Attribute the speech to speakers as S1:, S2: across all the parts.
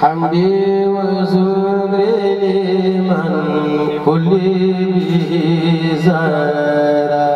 S1: حمدي وزوري لمن كل بي زارا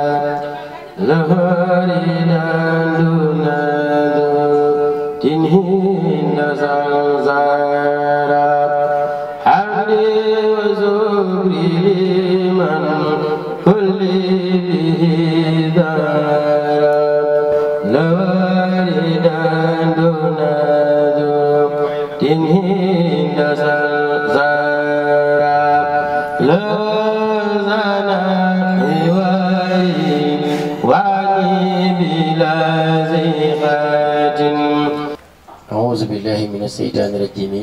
S1: billahi min asheytaani
S2: irajimi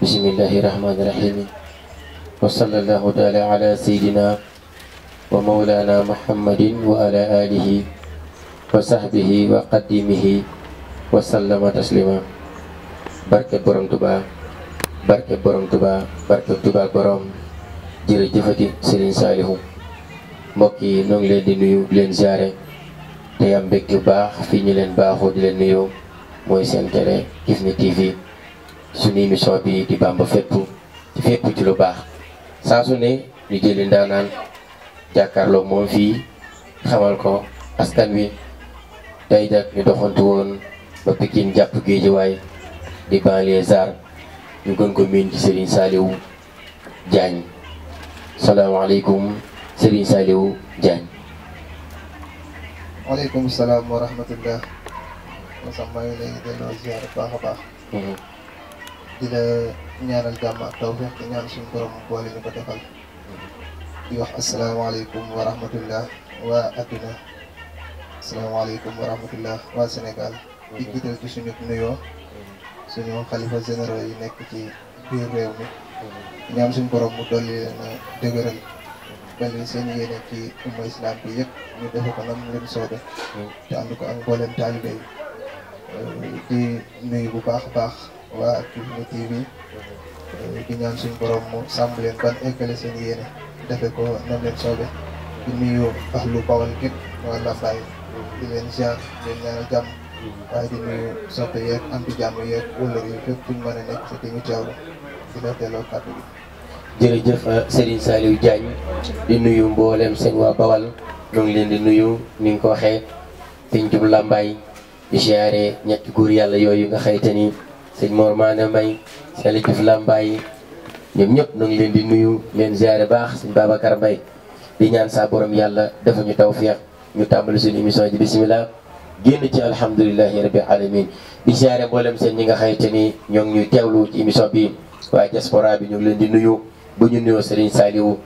S2: bismillahi irahmani irahimi wasala allahu taala ala seydina wa maulana muhammadin wa ala alihi wa sahbihi wa qadimihi wa sallama taslima barke borom tuba barke borom tuba barke tuba borom saalihu mbokk yi ñoo leen di nuyu leen ziare te am baax fii ñu leen baaxoo di leen nuyoo mooy seen gis na TV suñu émission bi di Bamba fépp fépp ci lu baax saa su ne ñu jëli ndaanaan jàkkaarloo moom fii xawal ko askan wi tey nag ñu doxantu woon ba Pikine jàpp Géejawaay di banlieusard ñu gën ko miin ci Serigne Saliou Diagne
S3: salaamaaleykum Serigne Saliou Diagne. waaleykum salaam wa moo sax maa ngi lay delloo ziar bu baax a baax. Mm-hmm. di la ñaanal jàmm ak tawfeex di ñaan suñu borom boole ñu ko defal. Mm-hmm. di wax asalaamaaleykum wa rahmatullah waa adduna. asalaamaaleykum wa rahmatullah waa Sénégal. Mm-hmm. ci suñu nuyoo. suñu xalifa généraux yi nekk ci biir réew mi. ñaan suñu borom mu dolli leen a dëgëral. bali seen yéene ci umma islam bi yëpp ñu defe ko nam leen soode te ànd ko ak mboolem taalibe di nuyu bu baax a baax waa Actubimi TV euh, di ñaan suñu borom mu sàmm leen ban eggale seen yéene defe ko nam leen soobe di nuyu ahlu Bawol gépp waa Lambaye di leen leen ñaanal jàmm waaye di nuyu soppe yeeg am di jàmm yeeg wëllër yi fépp fuñ mën a nekk te di ñu teewlu di la delloo kàddu gi.
S2: jërëjëf euh, Serigne di nuyu mboolem seen waa Bawal ñu ngi leen di nuyu ni ko waxee te jub Lambaye di ñetti góor yàlla yooyu nga xayte ni sëñ Mor Maana Mbaye sëñ Aliou Diouf Lambaye ñoom ñëpp ñu ngi leen di nuyu leen ziare baax sëñ Babacar bay di ñaan saa borom yàlla dafa ñu tawfeex ñu tàmbali seen émission ji bisimilah génn ci alhamdulilahi rabbil alamin di ziare seen ñi nga xayte ni ñoo ngi ñuy teewlu ci émission bi waaye diaspora bi ñu ngi leen di nuyu bu ñu nuyoo Serigne Saliou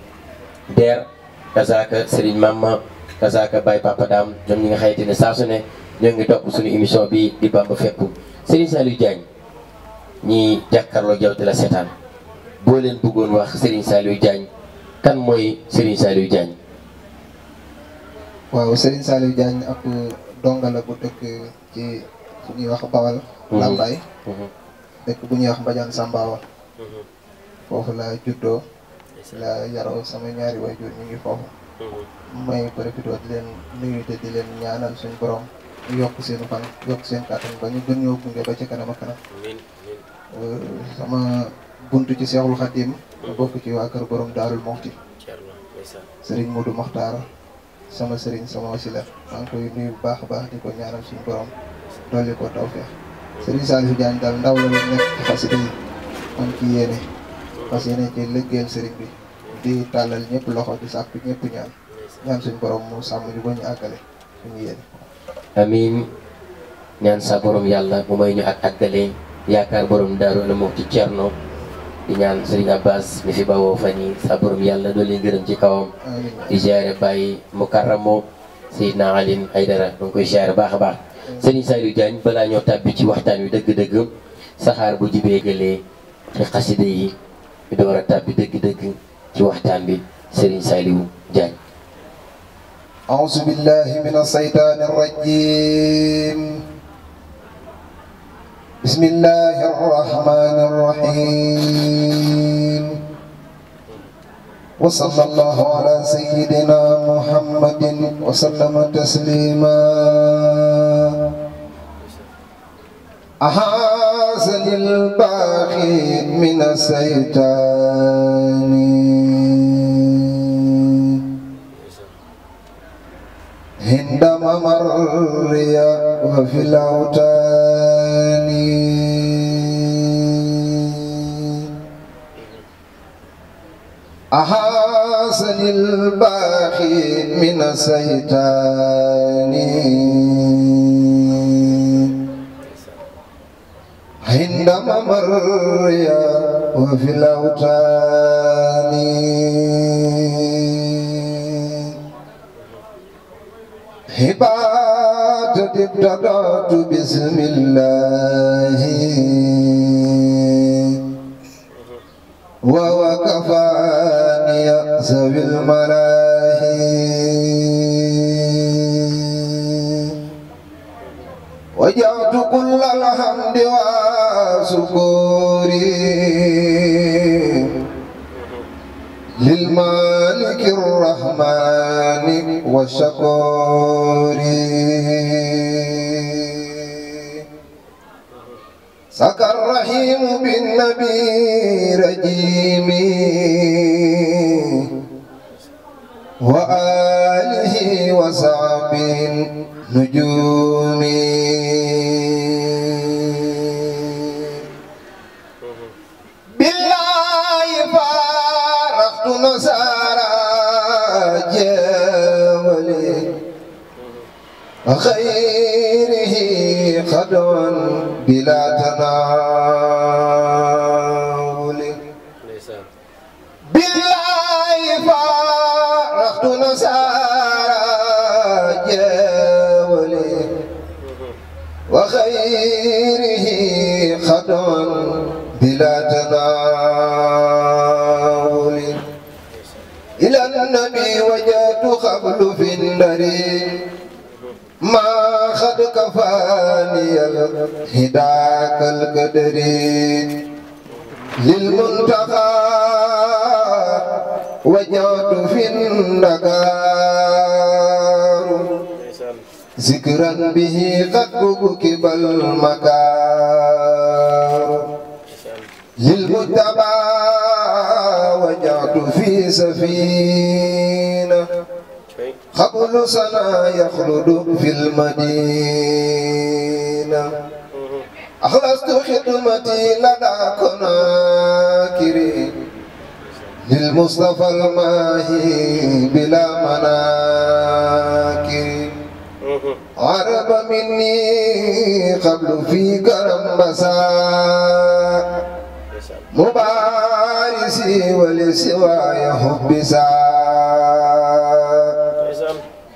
S2: Der Kazaka Serigne Mama Kazaka Baye Papa Dam ñoom ñi nga xayte ni saa su ne ñoo ngi top suñu émission bi di bamb Fekku Serigne Saliou Diagne ñi jàkkaarloo jawti la seetaan bo leen bëggoon wax Serigne Saliou Diagne kan moy Serigne Saliou Diagne
S3: waaw Serigne Saliou Diagne ak donga la bu dëkk ci suñu wax Bawal mhm. lambay mhm. dëkk bu ñu wax Mbadiane Sambaawa mhm. fofu la juddo la yaraw sama ñaari wayjur ñi ngi fofu may profité di leen nuyu te di leen ñaanal suñu borom Yok seen fan yokk seen kàttan ba ñu gën ñoo gunge ba ci kanam ak kanam sama buntu ci Seexul Xadim ma hmm. bokk ci waa kër borom Daarul Muxti sëriñ Modou Maxtaar sama sëriñ sama wasila maa ngi koy nuyu bu baax baax di ko ñaanal suñu borom dolli ko tawfeex sëriñ Saliou Diagne daal ndaw la lañ nekk ci xasida yi am ci yéene fas yéene ci lëggeel sëriñ bi di tàllal ñëpp loxo di sàkku ñëpp ñaan ñaan suñu borom mu sàmm ñu ba ñu àggale
S2: amiin ñaan sa yàlla mu may ñu ak àggale yaakaar borom daaru la moom ci Cerno di ñaan Sëriñ Abbas mi fi bawoo fan yi sa yàlla doo leen gërëm ci kawam di ziare bàyyi mukarramo Seydina Alioune Aydara ñu ngi koy ziare baax a baax Sëriñ Saliou Diagne balaa ñoo tàbbi ci waxtaan wi dëgg-dëgg saxaar bu jibee gëlee ci xaside yi ñu door a tàbbi dëgg-dëgg ci waxtaan bi Sëriñ Saliou Diagne
S3: أعوذ بالله من الشيطان الرجيم بسم الله الرحمن الرحيم وصلى الله على سيدنا محمد وسلم تسليما أحسن الباقي من الشيطان دم مريا وفي الأوتان أحسن الباقي من السيتان عندما مريا وفي الأوتان هبات ابتدأت بسم الله ووقفاني يأسب الملاهي وجعت كل الحمد وسكوري للمالك الرحمن وشكوري سكى الرحيم بالنبي رجيم وآله وصحبه نجومي بالله فارقت نزال غيره قد بلا تناول بالله فارقت نسارا جاولي وغيره قد بلا تناول إلى النبي وجدت قبل في النريق ما قد كفاني الهداك القدر للمنتقى وجعت في النقار ذكرا به قد ركب المكار للمتبع وجعت في سفينة قبل سنة يخلد في المدينة أخلصت خدمتي لدى كناكري للمصطفى الماهي بلا مناكري عرب مني قبل في كرم مساء مبارسي ولسواي حب سار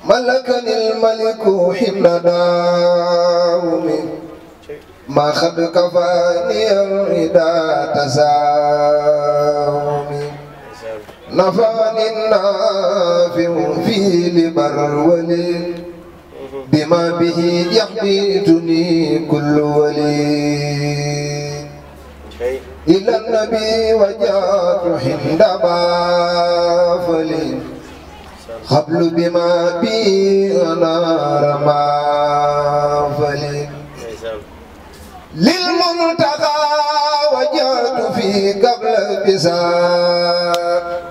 S3: ملكني الملك حين داومي ما خد كفاني الردى تزاومي نفاني النافع في لبرولي بما به يحبيتني كل ولي إلى النبي وجاءت حين دبافلي قبل بما بي أنا رما فلي للمنتقى وجهت في قبل بساق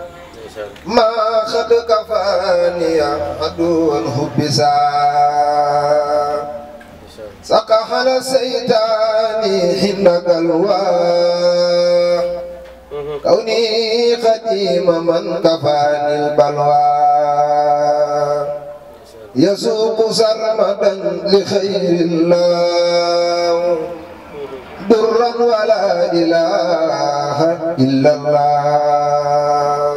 S3: ما خد كفاني عدو حبساق سقح لسيتاني حين الواق كوني خديم من كفاني البلوى يسوق سرمدا لخير الله درا ولا إله إلا الله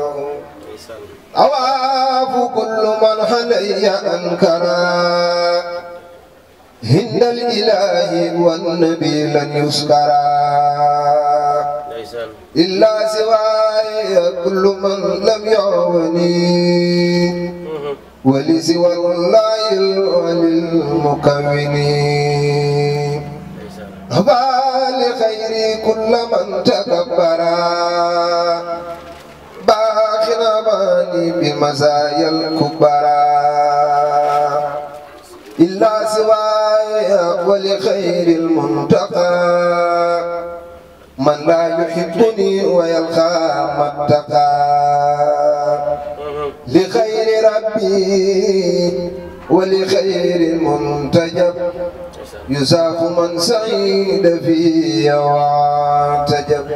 S3: أواف كل من حلي أنكرا هند الإله والنبي لن يسكرا إلا سواي كل من لم يعوني ولسوى الله الولي المكون لخير كل من تكبرا باخر ماني بمزايا الكبرى إلا سواي ولخير المنتقى من لا يحبني ويلقى ما اتقى لخير ربي ولخير منتجب يساق من سعيد في وعتجب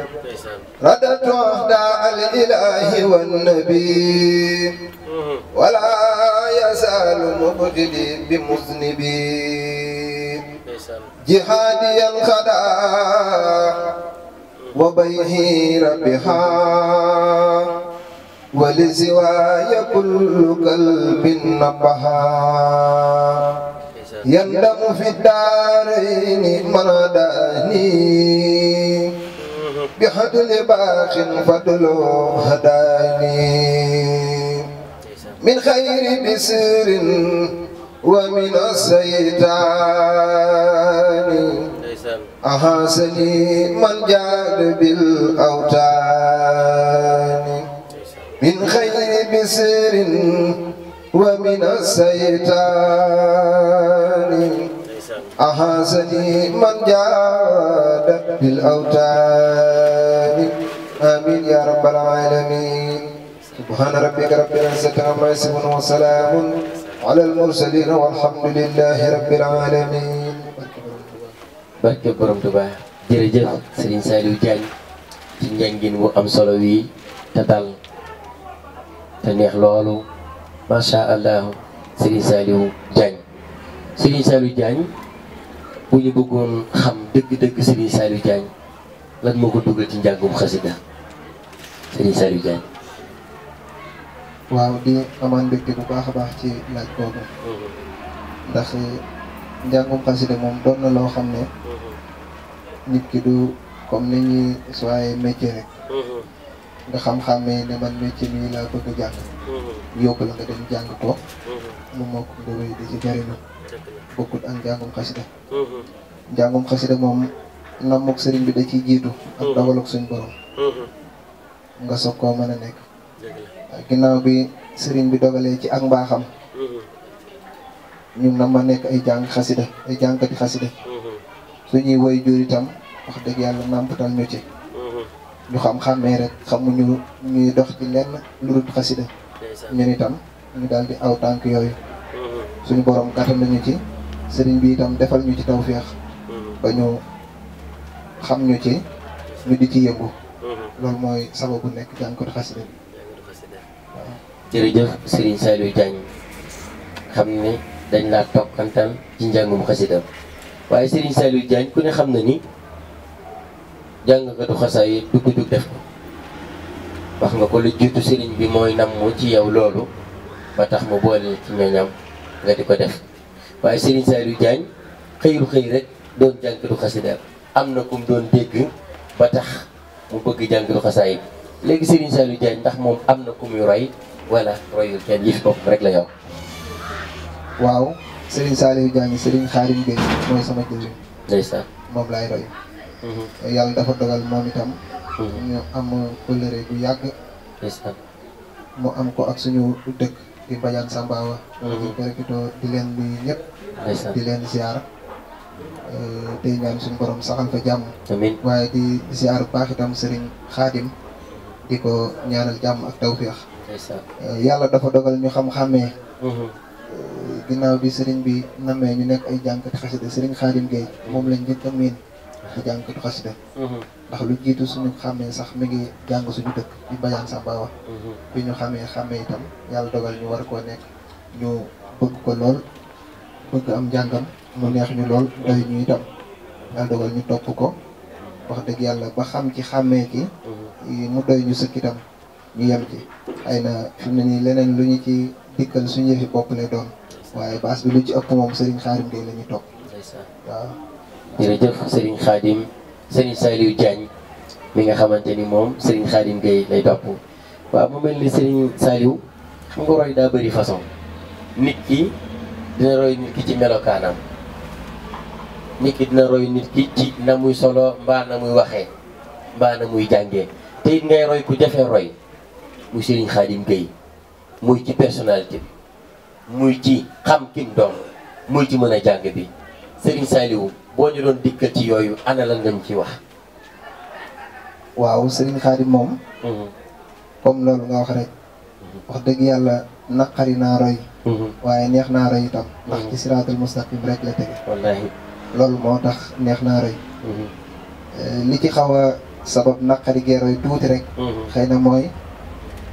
S3: ردت أهداء الإله والنبي ولا يزال مبغلي بمذنبي نعم. جهادي الخداع وبيه ربها ولزوايا كل قلب نبها يندم في الدارين مرداني بحدل باخ فضل هداني من خير بسر ومن السيطان أحاسني من جعل بالأوتان من خير بسر ومن السيطان أحاسني من جعل بالأوتان آمين يا رب العالمين سبحان ربك رب العزة عما يصفون وسلام على المرسلين والحمد لله رب العالمين
S2: barke borom tuba jere jeuf Serigne Saliou Diagne ci njàngin wu am solo wi te dal te neex lolu ma sha allah Serigne Saliou Diagne Serigne Saliou Diagne bu ñu bëggoon xam deug deug Serigne Saliou Diagne lan moko duggal ci njàngum khassida Serigne Saliou Diagne.
S3: waaw di amane mbégte bu baax baax ci laaj boobu ndax njàngum khassida mom doon na loo xam nit ki du comme ni ñuy soyee métier rek mm-hmm. nga xam-xamee ne man métier mii laa bëgg a jàng mm-hmm. yokk la nga dem jàng toog mm-hmm. mu mokk nga wéy di ci jariñu ak njàngum xasida njàngum xasida moom nammuk bi da ciy jiitu ak dogaluk suñ borom nga soog nekk ginnaaw bi sëriñ bi dogalee ci ak mbaaxam ñun na nekk ay jàng xasida ay jàngkati xasida ñuy woy jur itam wax dëgg yàlla nàmpatal ñu ci mhm. ñu xam-xàmmee rek xamuñu ñuy dox ci lenn lu dul xasida ñun itam ñu daal di aw tànk yooyu mhm. suñu borom gàttal nañu ci sëriñ bi itam defal ñu ci tawféex mhm. ba ñu xam ñu ci ñu di ci yëngu loolu mooy sababu nekk jànkatu xasida
S2: bi jërëjëf Serigne Saliou Diagne xam ne dañ laa toog kantaan ci njàngum xasida waaye Serigne Saliou Diagne ku ne xam na ni jàngkatu xasaay yi dugg dugg def ko wax nga ko lu jiitu Serigne bi mooy nam mu ci yow loolu ba tax mu boole ci ñooñam nga di ko def waaye Serigne Saliou jaañ xëyul xëy rek doon jànkatu xasida am na ku mu doon dégg ba tax mu bëgg jànkatu xasaay ndax moom am na ku muy roy wala royul kenn yëf bopp rek la yow
S3: waaw Serigne Saliou Diagne Serigne Khadim Gueye mooy sama jëriñ. ndeysaan moom laay roy. Mhm. yàlla dafa dogal moom itam. Mhm. ñu am kóllëre bu yàgg. mu am ko ak suñu dëkk di Badiane Sambawa. Mhm. di profitoo di leen nuyu ñëpp. di leen ziar. Euh, tey ñaan suñu borom saxal fa jàmm. amiin waaye di ziar baax itam Serigne Khadim di ko ñaanal jàmm ak tawféex.
S1: Euh,
S3: yàlla dafa dogal ñu xam-xàmmee. Euh, ginnaaw bi sering bi namee ñu nek ay jànkatu xasida sëriñ Xaadim Gueye moom ka njëkk a miin ci jànkatu xasida ndax lu jiitu suñu xàmmee sax mi ngi jàng suñu dëkk bi Badiane Samba wax bi ñu xamee xàmmee itam yàlla dogal ñu war ko nek ñu bëgg ko lool bëgg am njàngam mu neex ñu lool doy ñu itam yàlla dogal ñu topp ko wax dëgg yàlla ba xam ci xàmmee ci mu doy ñu sëkk itam ñu yem ci ay fi mu leneen lu ci dikkal suñu yëfi bopp lay doon waaye baas bi lu ci ëpp moom Serigne Khadim Gueye la ñu topp. waaw. sëriñ Serigne Khadim
S2: Serigne Saliou Diagne mi nga xamante ni moom Serigne Khadim Gueye lay topp waaw mu mel ni Serigne Saliou xam nga roy daa bëri façon nit ki dina roy nit ki ci melokaanam nit ki dina nit ki ci na muy solo mbaa na muy waxee mbaa na muy jànge te it ngay roy ku jafe roy muy Serigne Khadim Gueye muy ci personnalité bi. muy ci xam kim doon muy ci mën a jàng bi Serigne Saliou boo ñu doon dikkal yooyu ana lan lañ ci wax
S3: waaw Serigne Khadim moom mhm. comme loolu nga wax rek mhm. wax dëgg yàlla naqari naa roy mhm. waaye neex naa roy itam ndax ci siraatul mustaqim rek la tege loolu moo tax neex naa roy eh, li ci xaw a sabab naqari gee roy tuuti rek xëy na mooy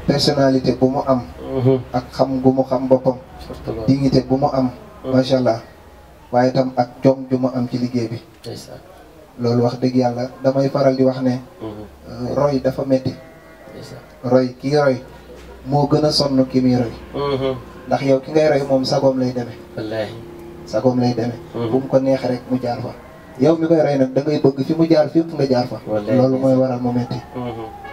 S3: personnalité bu mu am Mhm. ak xam gu mu xam boppam dignité bu mu am mhm. macha allah waaye tam ak jom ju mu am ci liggéey bi loolu wax dëgg yàlla damay faral di wax ne mhm. euh, roy dafa metti roy ki roy moo gën a sonn ki muy roy ndax yow ki ngay roy moom sagoom lay demee sagoom lay demee bu mu ko neex rek mu jaar fa yow mi koy roy nag da ngay bëgg fi mu jaar fépp nga jaar fa loolu mooy waral mu metti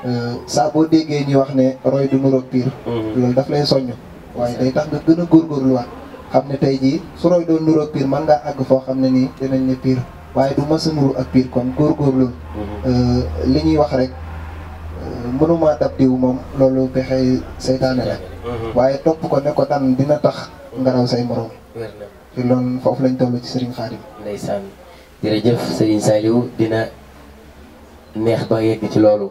S3: Euh, saa déggee ñi wax ne roy du nuroog piir mhm. loolu daf lay soññ waaye day tax nga gën a góorgóorluwaat xam ne tey jii su roy doon nuroog piir mën ngaa àgg foo xam ne nii dinañ ne piir waaye du mës a ak piir kon góorgóorlu mhm. euh, li ñuy wax rek euh, mënuma dab diw moom loolu pexe seytaane la mhm. waaye topp ko nekko ko dina tax nga raw say morom ci loolu foofu lañ toll ci Serigne Khadim
S2: ndeysaan jërëjëf Serigne Saliou dina neex ba yegg ci loolu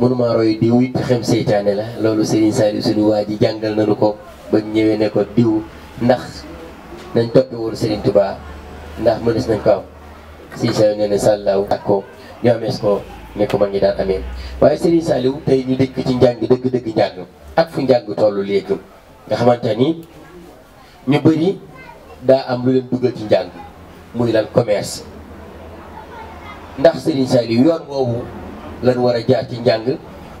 S2: mënuma roy diw it pexem seytaane la loolu Serigne Saliou suñu waa ji jàngal nañu ko ba ñëwee nekkoo ko diw ndax nañ toppi woon Serigne Touba ndax mënees nañ ko am Serigne Saliou nee na sàllaaw ak ko ñu amees ko ne ko ngi daan amee waaye Serigne Saliou tey ñu dëkk ci njàng dëgg-dëgg njàng ak fu njàng toll léegi nga xamante ni ñu bëri daa am lu leen dugal ci njàng muy lan commerce ndax Serigne Saliou yoon woowu lan war a jaar ci njàng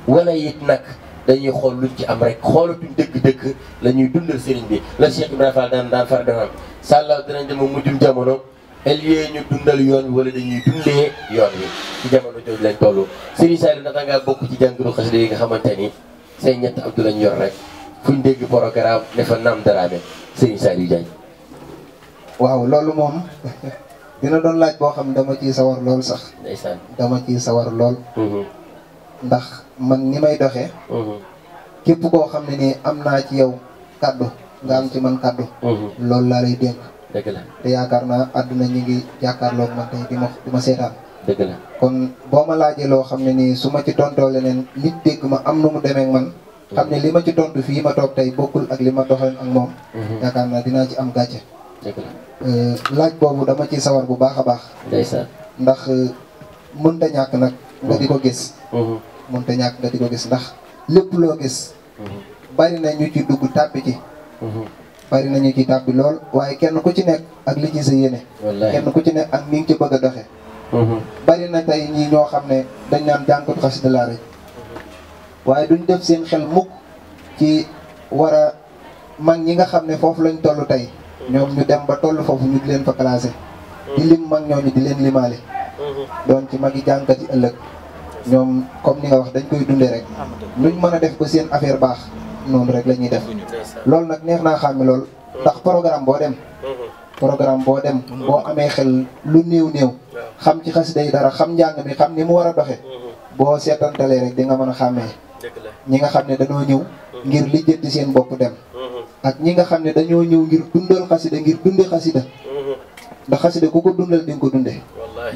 S2: wala it nag dañuy xool luñ ci am rek xoolatuñ dëgg dëkk la ñuy dundal sëriñ bi la Cheikh Ibrahima Fall daan daan far defam sàllaaw dinañ jamono elyee dundal yoon wi wala dañuy dundee yoon wi ci jamono jooju lañ toll sëriñ Saliou naka ngaa bokk ci jàngiru xasida yi nga xamante ni say ñett abdu lañ yor rek fuñ dégg programme ne fa naam daraame sëriñ Saliou
S3: Diagne waaw loolu moom dina doon laaj boo xam ne dama ciy sawar lool sax. dama ciy sawar lool. Mm-hmm. ndax man ni may doxee. Mm-hmm. képp koo xam ne nii am naa ci yow kàddu nga am ci man kàddu. Mm-hmm. loolu laa lay dénk. dëgg te yaakaar naa àdduna ñu ngi jàkkaarloog man tey di ma di ma seetaan. dëgg la kon boo ma laajee loo xam ne nii su ma ci tontoo leneen nit dégg ma am na mu demee man. xam ne li ma ci tontu fii ma toog tey bokkul ak li ma doxal ak moom. yaakaar naa dinaa ci am gàcce. Euh, laaj boobu dama ci sawar bu baax a baax. ndax euh, mënta ñàkk nag nga di ko gis. Mm-hmm. mënta ñàkk nga di ko gis ndax lépp loo gis. Mm-hmm. bari na ñu ci dugg tàbbi ci. Mm-hmm. bari na ñu ci tàbbi lool waaye kenn ku ci nekk ak li ci sa yéene. kenn ku ci nekk ak ni nga ci bëgg a doxee. bari na tey ñii ñoo xam ne dañ naan jànkatu xasida laa rek waaye duñ def seen xel mukk ci war a mag ñi nga xam ne foofu lañ toll tey. ñom ñu dem ba toll fofu ñu di leen fa classé mm-hmm. di lim mag ñu di leen limalé mm-hmm. doon ci magi jankati ëlëk ñom comme ni nga wax dañ koy dundé rek luñ mëna def ko seen affaire bax non rek lañuy def lool nak neex naa xamé lool tax mm-hmm. programme bo dem programme bo dem bo amé xel lu neew neew xam ci dara xam jang mi xam ni mu wara doxé bo sétantalé rek di nga mëna xamé ñi nga xamné dañu ñëw ngir jëtt seen bokku dem ak ñi nga xam ne dañoo ñëw ngir dundal xasida ngir dunde xasida mm-hmm. ndax xasida ku ko dundal di ko dunde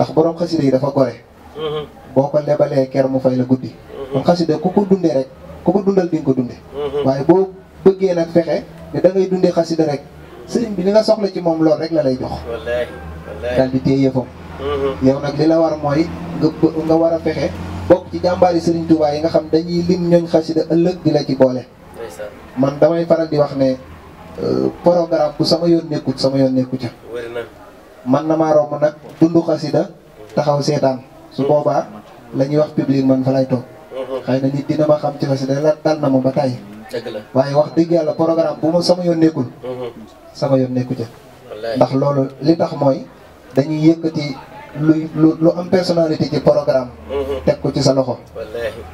S3: ndax borom xasida yi dafa gore
S1: mm-hmm.
S3: boo ko lebalee ker mu fay la guddi mm-hmm. kon xasida ku ko dunde rek ku ko dundal di ko dunde waaye boo bëggee nag fexe ne da ngay dunde xasida rek sëriñ bi li nga soxla ci moom lool rek la lay jox daal di téye yëfam yow nag li la war mooy nga nga war a fexe bokk ci jàmbaari sëriñ Tuubaa yi nga xam dañuy lim ñooñ xasida ëllëg di la ci boole man damay faral di wax ne euh, programme bu sama yoon nekkut sama yoon nekku ca man na maa romb nag dund xasida taxaw seetaan su mm-hmm. boobaa la ñuy wax public man fa lay toog mm-hmm. xëy na nit dina ma xam ci xasida la dal na mu ba tàyyi waaye wax dëgg yàlla programme bu ma sama yoon nekkul mm-hmm. sama yoon nekku ca ndax loolu li tax mooy dañuy yëkkati luy lu lu am personnalité ci programme. Mhm. teg ko ci sa loxo.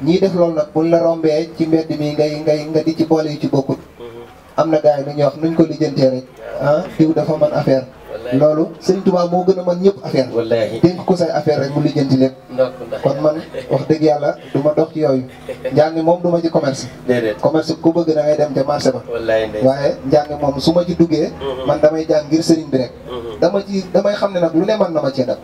S3: ñii def loolu nag buñ la rombee ci mbedd mi ngay ngay nga di ci boole yu ci bokkut. Mhm. am na gars yi lu ñuy wax nuñ ko lijjantee rek ah diw dafa man affaire. loolu sëñ Tuubaa moo gën a mën ñëpp affaire dénk ko say affaire rek mu lijjanti lépp kon man wax dëgg yàlla du ma dox ci yooyu njàng moom du ma ci commerce commerce bëgg da ngay dem ca marché ba waaye njàng moom su ma ci duggee mhm. man damay jàng ngir sëriñ bi rek mhm. dama ci damay xam ne nag lu ne mën na ma cee dab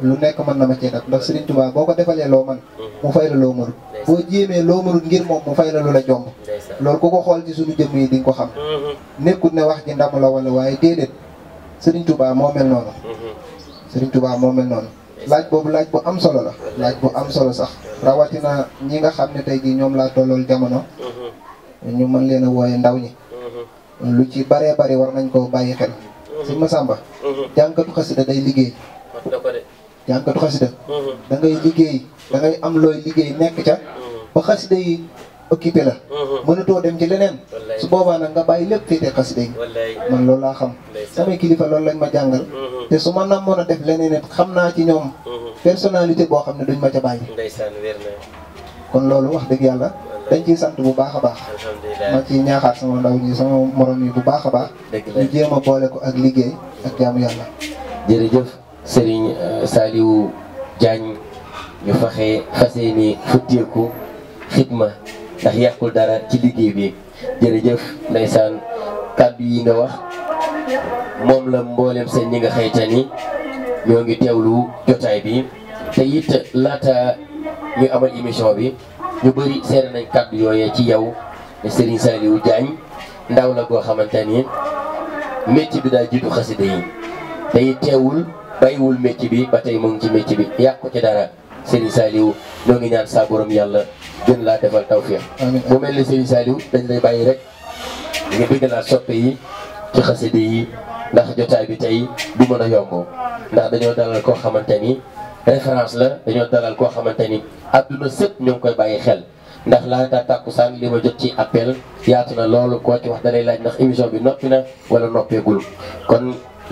S3: lu nekk mën na ma cee dab ndax sëriñ Tuubaa boo ko defalee loo man mhm. mu fay la loo mënut boo jéemee loo mënut ngir moom mu fay la lu la jomb loolu ku ko xool ci suñu di nga ko xam nekkul ne wax ji ndam la wala waaye déedéet sëriñ Touba moo mel noonu. Mhm. Serigne Touba moo mel noonu. laaj boobu laaj bu am solo la. laaj bu am solo sax rawatina ñi nga xam ne tey jii ñoom laa tollool jamono. Mhm. ñu mën leen a wooye ndaw ñi. Mhm. lu ci bare bari war nañ ko bàyyi xel. ma sàmba jànkatu xasida day liggéey. jànkatu xasida da liggéey da am looy liggéey nekk ca. ba xasida yi occupé la mhm. mënutoo dem ci leneen su boobaa nag nga bàyyi lépp féete xasida yi man loolu laa xam samay kilifa loolu lañ ma jàngal mhm. te su ma namoon a def leneen xam naa ci ñoom mhm. personnalité boo xam ne duñ ma ca bàyyi kon loolu wax dëgg yàlla dañ ciy sant bu baax a baax ma ci ñaaxaat sama ndaw ñi sama morom yi bu baax a baax ñu jéem a boole ko ak liggéey ak jaamu yàlla
S2: jërëjëf Serigne euh, Saliou Diagne ñu faxe fase ni futteeku xidma ndax yàqul dara ci liggéey bi jërëjëf ndeysaan kàddu yi nga wax moom la mbooleem seen ñi nga xaytan yi ñoo ngi lu jotaay bi te it laata ñu amal émission bi ñu bëri seere nañ kàddu yooyee ci yow ne Serigne Saliou Diagne ndaw la goo xamante ni métier bi daal jiitu xasida yi te it teewul bàyyiwul métier bi ba tey mu ngi ci métier bi yàqu ci dara Serigne Saliou ñoo ngi ñaan saa yàlla gën laa defal tawféex. bu mel ni Serigne dañ lay bàyyi rek nga bëgg laa soppe yi ci xaside yi ndax jotaay bi tey du mën a yomb ndax dañoo dalal koo xamante ni référence la dañoo dalal koo xamante ni adduna sëpp ñoo ngi koy bàyyi xel. ndax laata tàkkusaan li ma jot ci appel yaatu na loolu koo ci wax da laaj ndax émission bi noppi na wala noppeegul kon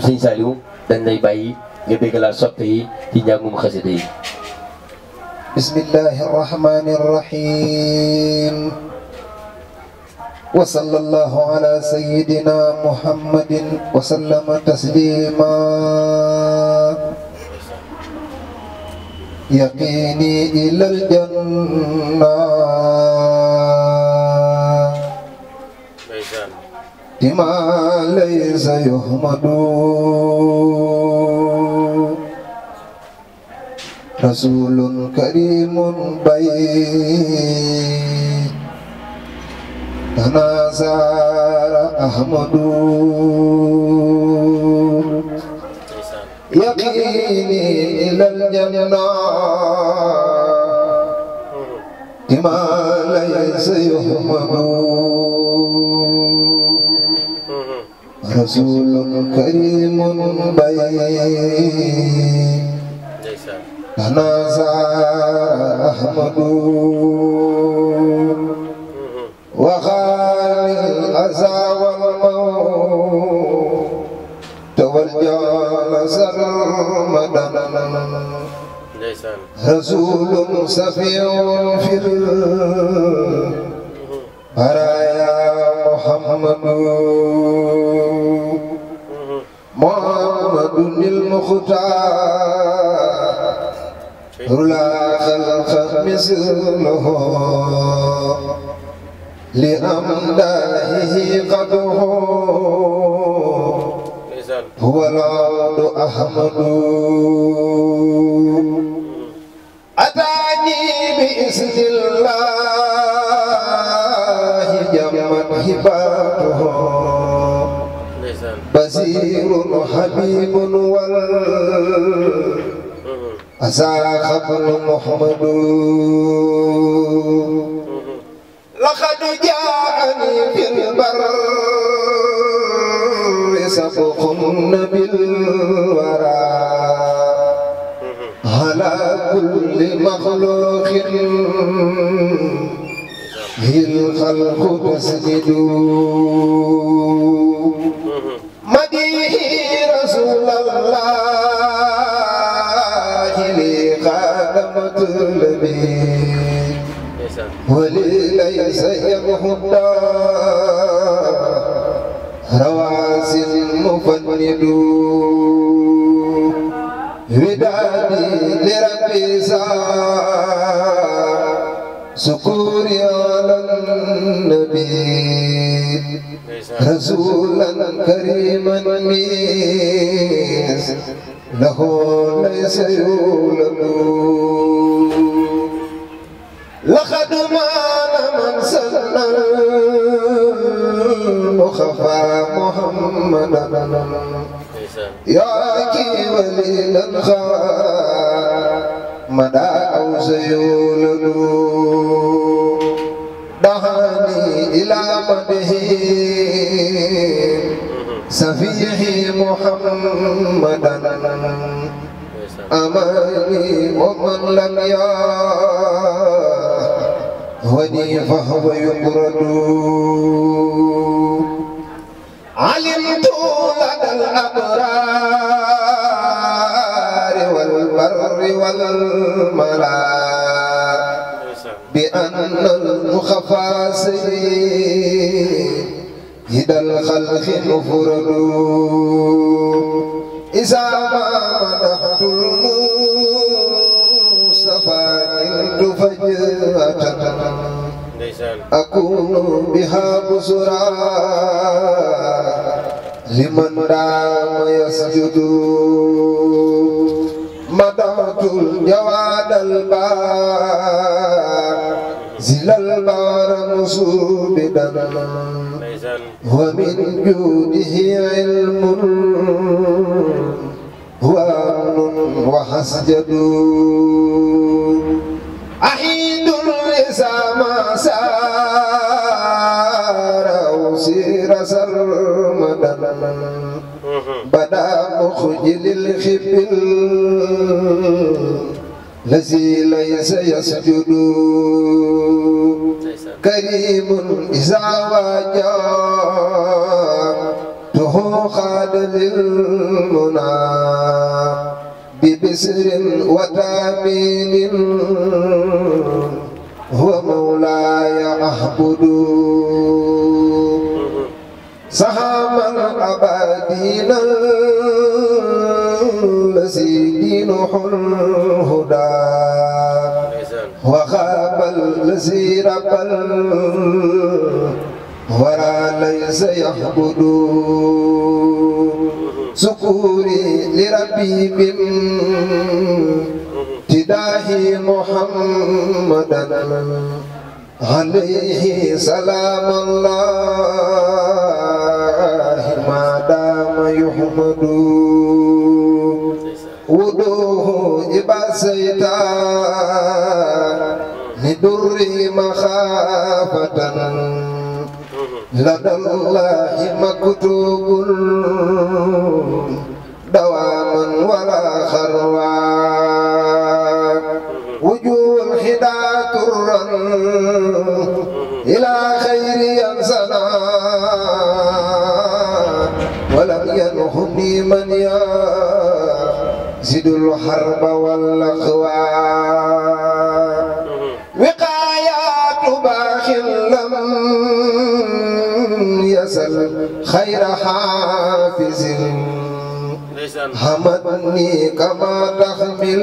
S2: Serigne Saliou dañ lay bàyyi nga dégg laa soppe yi ci ñà xaside
S3: بسم الله الرحمن الرحيم وصلى الله على سيدنا محمد وسلم تسليما يقيني إلى الجنة بما ليس يهمدون رسول كريم بي تنازار أحمد يقيني إلى الجنة بما ليس يهمد رسول كريم بين أنا أحمد وغالي الأذى والموت والجال سرمدا رسول سفي في برايا محمد محمد المختار لا خلق مثله لأمداله قدره هو العود أحمد أتاني بإذن الله جمت هباته بصير حبيب وال أسارى خبر محمد لقد جاءني في البر سفق بالورى على كل مخلوق هي الخلق تسجد مديه رسول الله ولي ليس يمحدى رواسي المفند ودادي لربي سكور يا النبي رسولا كريما ميس له ليس يولد لقد مان من سن المخفى محمدا يا كي وليلا مدى أو سيولد دهاني إلى مده سفيه محمدا اماني ومن لم يرى ولي فهو يقرد علمت لدى الأبرار والبر والمرار بأن المخفاسين إذا الخلق نفرد إذا ما مدحت المصطفى أرد فجوة أكون بها بسرا لمن دام يسجد مدعت الجواد البار زل البار مصوبدا ومن جوده علم هو أمن وحسجد أحيد الرسا ما سار سير سرمدا بدا مخجل الخبل الذي ليس يسجد كريم إذا تهو خاد للمنى ببسر وتامين تعبدوا سهام الأبادين الذي دينه الهدى وخاب الذي رب ورى ليس يعبد سكوري لربي من تداهي محمدا
S1: عليه
S3: سلام الله ما دام يحمد ودوه إبا سيطان لدر مخافة لدى الله مكتوب دواما ولا خروا وجوه هدا ترا إلى خير ينسنا ولم ينهني من يزيد الحرب واللقوى وقايات باخل لم يسل خير حافز همدني كما تحمل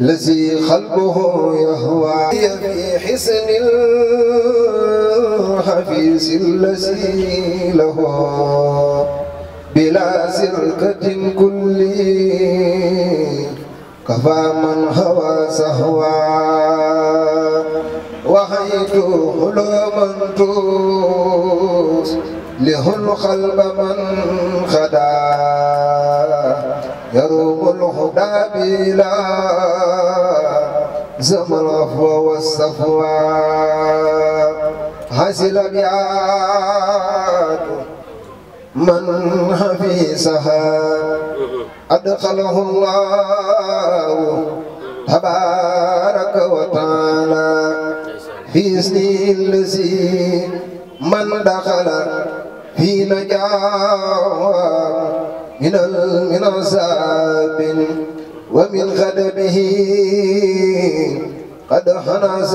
S3: الذي قلبه يهوى في حسن الحفيظ الذي له بلا سرقة كل كفى من هوى سهوى وحيث حلوما توس له القلب من خدا يروم الهدى بلا زم العفو والصفوى حسن ميعاد من حفيظها أدخله الله تبارك وتعالى في سنين لزين من دخل في نجاح من من ومن غدبه قد حنس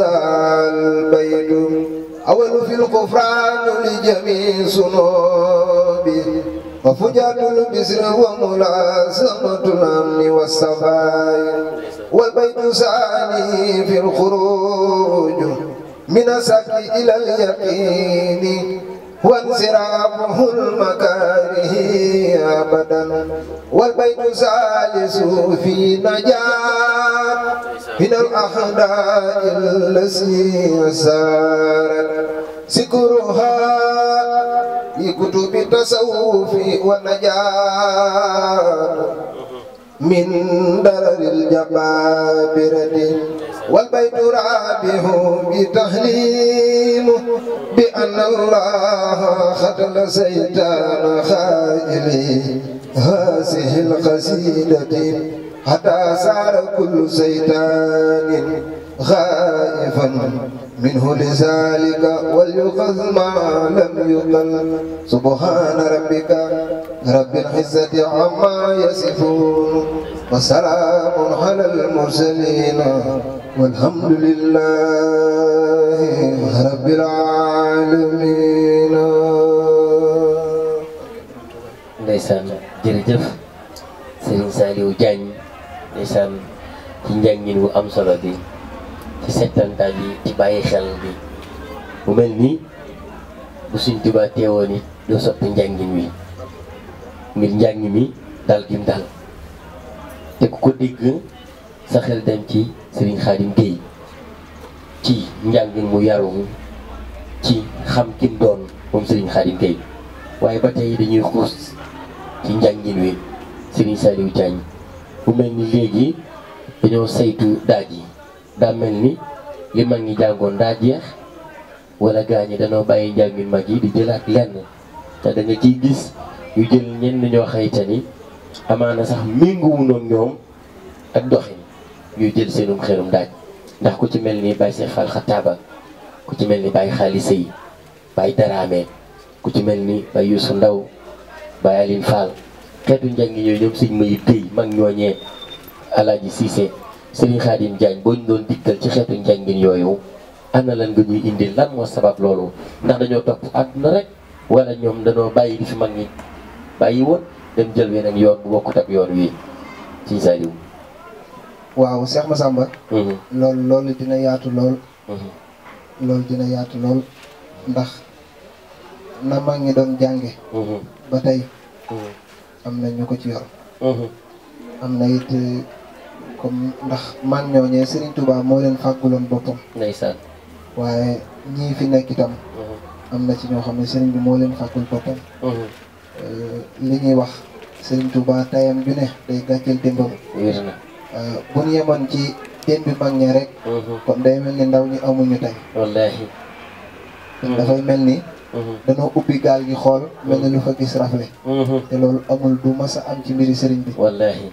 S3: البيت أول في القفران لجميع سنوبه وفجاة البسر وملازمة الأمن والسبايا والبيت ساني في الخروج من السكي إلى اليقين وانسرابه المكاره أبدا والبيت سالس في نجاة من الأحداء التي سارت سكرها لكتب التصوف والنجاة من درر الجبابرة والبيت رابه بتحليل بأن الله ختل سيدان خائلي هذه القصيدة حتى صار كل سيدان خائفا منه لذلك وليقذ ما لم يقل سبحان ربك رب العزة عما يصفون وسلام على المرسلين والحمد لله رب العالمين ndeysaan jërëjëf
S2: Serigne Saliou Diagne ndeysaan ci njàngin wu am solo bi ci settantal bi ci bàyyi xel bi bu mel nii bu suñ Tuubaa teewoon it doo njàngin wi ngir njàng mi dal gim dal te ku ko dégg sa xel dem ci sëriñ Xaadim Géey ci njàngin mu yaru ci xam kim doon moom sëriñ Xaadim Géey waaye ba tey dañuy xuus ci njàngin wi sëriñ Saliou Diagne bu mel ni léegi dañoo saytu daaj yi daa mel ni li mag ñi jàngoon daa jeex wala gaa yi dañoo bàyyi njàngin mag yi di jëlaat lenn te da nga ciy gis ñu jël ñenn ñoo xayta amaana sax méngowu noon ñoom ak doxin ñuy jël seenum xeerum daaj ndax ku ci mel ni Baye Cheikh Fall Xataaba ku ci mel ni Baye xaalis yi Baye Daraame ku ci mel ni Baye su Ndaw Baye Aline Fall njàng yooyu ñoom sëñ Mayib Guèye mag ñooñee Alaaji Cissé Serigne Khadim Diagne boo ñu doon diggal ci xeetu njàngin yooyu ana lan nga ñuy indil lan moo sabab loolu ndax dañoo topp àdduna rek wala ñoom dañoo bàyyi li fi mag ñi bàyyi woon dem jël weneen yoon bu bokkut ak yoon wi ci Saliou
S3: waaw Cheikh Massamba. Mhm. loolu loolu dina yaatu lool. Mhm. loolu dina yaatu lool ndax na mag ñi doon jànge mhm. ba tey am na ñu ko ci yor. am na it eh, comme ndax mag ñooñee Serigne Touba moo leen fàgguloon boppam. ndeysaan. waaye ñii fi nekk na ci ñoo xam ne Serigne moo leen fàggul boppam. Eh, li ñuy wax Serigne Touba tayam ju ne day gàcceel démbam. Euh, bu ñu yemoon ci démb bi mag rek. Mhm. kon day mel ni ndaw ñi amuñu tey. wallaahi. dafay mel ni. Mhm. danoo ubbi gaal gi xool mel ni lu fa gis rafle mhm. te loolu amul du mas am ci mbiri sëriñ bi. wallaahi.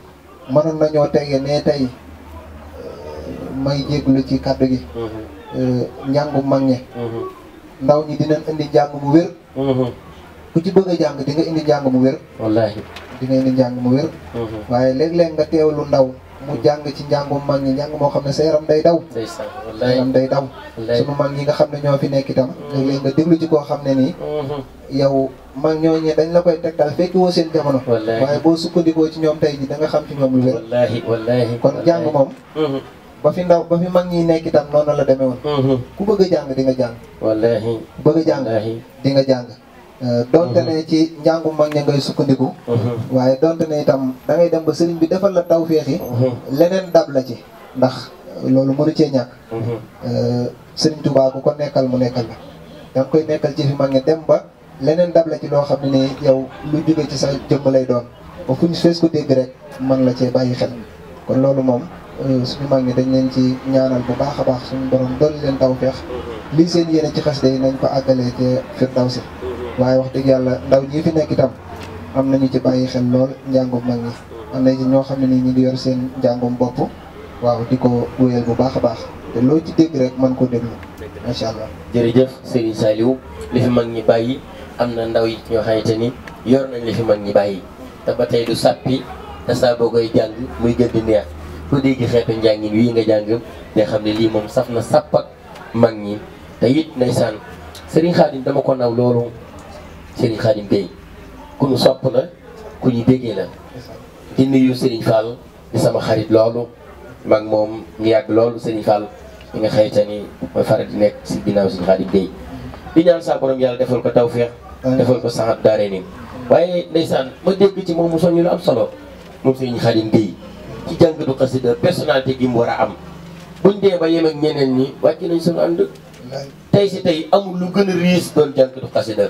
S3: mënoon nañoo tege ne tey euh, may jéglu ci kàddu gi. Euh, njàngu mag ñi. ndaw ñi dinañ indi jàng mu wér. ku ci bëgg a jàng di indi jàng mu wér. wallaahi. di nga indi jàng waaye léeg-léeg nga lu ndaw. mu jàng ci njàngum mag ñi njàng moo xam ne sa yaram day daw sa yaram day daw sunu mag ñi nga xam ne ñoo fi nekk itam léeg nga déglu ci koo xam ne nii mm-hmm. yow mag ñooñu dañ la koy tegtal fekk woo seen jamono waaye boo sukkandikoo ci ñoom tey ji da nga xam ci ñoom lu
S2: wér kon jàng moom
S3: mm-hmm. ba fi ndaw ba fi mag ñi nekk itam noonu la demee woon mm-hmm. ku bëgg a jàng di nga jàng wallaahi ku bëgg a jàng di nga jàng Euh, donte ne ci njàngu mag ña ngay sukkandiku. Mhm. waaye donte ne itam da ngay dem ba sëriñ bi defal la tawféexi. Mhm. leneen dab la ci ndax euh, loolu mënu cee ñàkk. Mhm. Euh, sëriñ Tuubaa ku ko nekkal mu nekkal da koy nekkal ci fi mag dem ba leneen dab la loo xam ne ni yow lu jóge ci sa jëmm lay doon ba ñu fees ko dégg rek man la cee bàyyi xel kon loolu moom. suñu mag ñi dañ leen ci ñaanal bu baax a baax suñu borom dolli leen tawféex lii seen yéene ci xas day nañ ko àggalee te firdaw si waaye wax dëgg yàlla ndaw ñi fi nekk itam am na ñu ci bàyyi xel lool njàngum mag ñi am na ñoo xam ne ni ñu ngi yor seen njàngum bopp waaw di ko wéyal bu baax a baax te loo ci dégg rek man ko déglu macha allah. jërëjëf Serigne
S2: Saliou li fi mag ñi bàyyi am na ndaw yi ñoo xamante ni yor nañ li fi ñi bàyyi te ba tey du sàppi te saa boo koy jàng muy gën neex ku dégg xeetu njàngin wii nga jàng nga lii moom saf na sàpp mag ñi te it ndeysaan Serigne Khadim dama ko naw loolu. Serigne Khadim Gueye ku ñu sopp na ku ñu déggee la di nuyu Serigne Fall di sama xarit loolu mag moom ñu yàgg loolu Serigne Fall di nga xayta ni mooy faral di nekk si ginnaaw Serigne Khadim Gueye di ñaan saa yàlla defal ko tawféex defal ko saxat daare ni waaye ndeysaan ma dégg ci moom mu soññu lu am solo moom Serigne Khadim Gueye ci jàngatu xasida personnalité gi mu war a am buñ dee ba yem ak ñeneen ñi wàcc nañ suñu ànd tey si tey amul lu gën a riis doon jàngatu xasida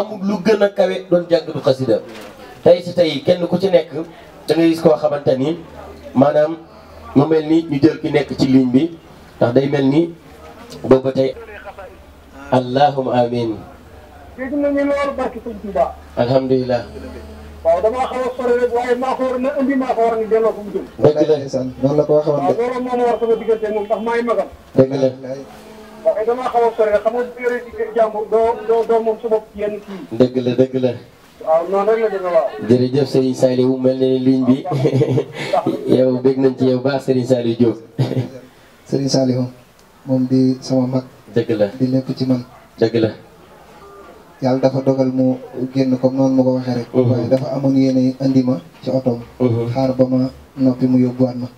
S2: amul lu gën a kawe doon jàng du xasida tey si tey kenn ku ci nekk da ngay gis koo xamante ni maanaam mu mel ni ñu jël ki nekk ci ligne bi ndax day mel ni boobu tey allahuma amin
S3: dégg nañu waaw damaa xaw a sori rek na indi maa ko war a delloo fu mu jëm dëgg la noonu la ko waxoon de waaw loolu moo ma la waaw kay damaa xaw a sori rek
S2: dëgg la dëgg la.
S3: waaw noonu rek la
S2: mel na ni bi yow bég nañ ci yow baax Serigne Saliou Diop.
S3: Serigne Saliou moom di sama mag. dëgg la di lépp ci man. dëgg la. yàlla dafa dogal mu génn comme noonu moo ko waxee rek. Mhm. waaye dafa amoon yéene indi ma ci otoom. Mhm. xaar ba ma noppi mu yóbbuwaat ma.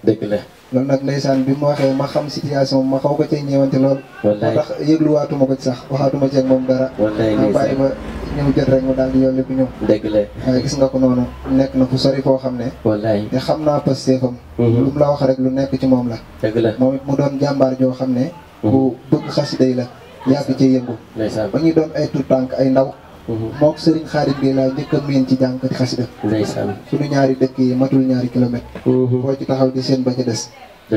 S3: loolu nag ndeysaan bi mu waxee ma xam situation ma xaw ko cay ñeewante lool. wallaay moo tax yëgluwaatuma ko ci sax waxaatuma ceeg moom dara. wallaay ndeysaan bàyyi ba ñëw jot rek mu daal di yolli ku ñëw. dëgg la waaye gis nga ko noonu. nekk na fu sori foo xam ne. wallaay te xam naa pësteefam. Mhm. lu mu la wax rek lu nekk ci moom la. dëgg la moom it mu doon jàmbaar joo xam ne. ku mhm. bëgg xasida yi la. yaa ngi ciy yëngu. ndeysaan ba ñu doon ay tuut tànk ay ndaw. mok mm-hmm. sering xaarit bi la njëkk a miin ci jàngkati xasida ndeysaan suñu ñaari dekk yi iya, matul ñaari kilomètre mm-hmm. ko ci taxaw di seen bañ a des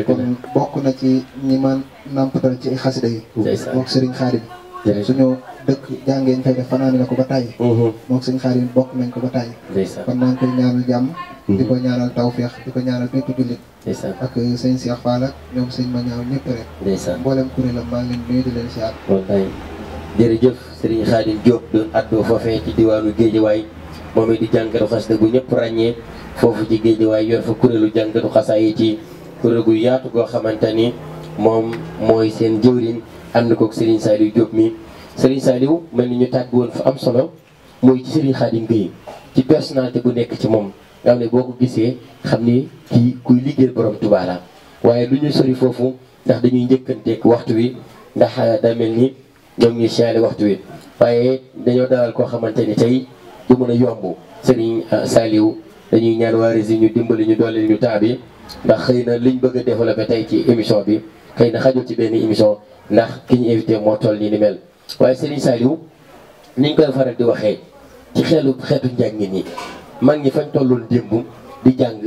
S3: kon na ci ñi man nampatal ci xasida eh, yi mok sering xaarit bi suñu dëkk jàngeen fay def fanaani na ba tay mok mm-hmm. sering xaarit bokk nañ ko ba tay kon maa ngi koy ñaanal jàmm diko ñaanal tawféex di ko ñaanal bépp jullit ak sëñ Cheikh Fall ñom ñoom ma ñaaw ñepp rek mboolem kurelam ma ngi leen nuyu di leen siyaar
S2: jërëjëf sëriñ Xaadim Diop doon addo foofee ci diwaanu Géejawaay moom it di jànkatu xasida gu ñëpp ràññee foofu ci Géejawaay yor fa kuréelu jànkatu xasaa yi ci kuréel gu yaatu goo xamante ni moom mooy seen am ànd kook sëriñ Saliou Diop mi sëriñ Saliou mel ni ñu tàgg woon fa am solo mooy ci sëriñ Xaadim Gueye ci personnalité bu nekk ci moom nga xam ne boo ko gisee xam ni kii kuy liggéeyal borom Tuubaa la waaye lu ñu sori foofu ndax dañuy njëkkanteeg wi ndax ñoo ngi siyaare waxtu wi waaye dañoo dalal koo xamante ni tey du mën a yomb Serigne ah, Saliou dañuy ñaan waa Rési ñu dimbali ñu doole ñu taa bi ndax xëy na liñ bëgg a développé tey ci émission bi xëy na xajul ci benn émission ndax ki ñu invité moo toll nii ni mel waaye Serigne Saliou niñ koy faral di waxee ci xelu xeetu njàngin yi mag ñi fañ tolloon démb di jàng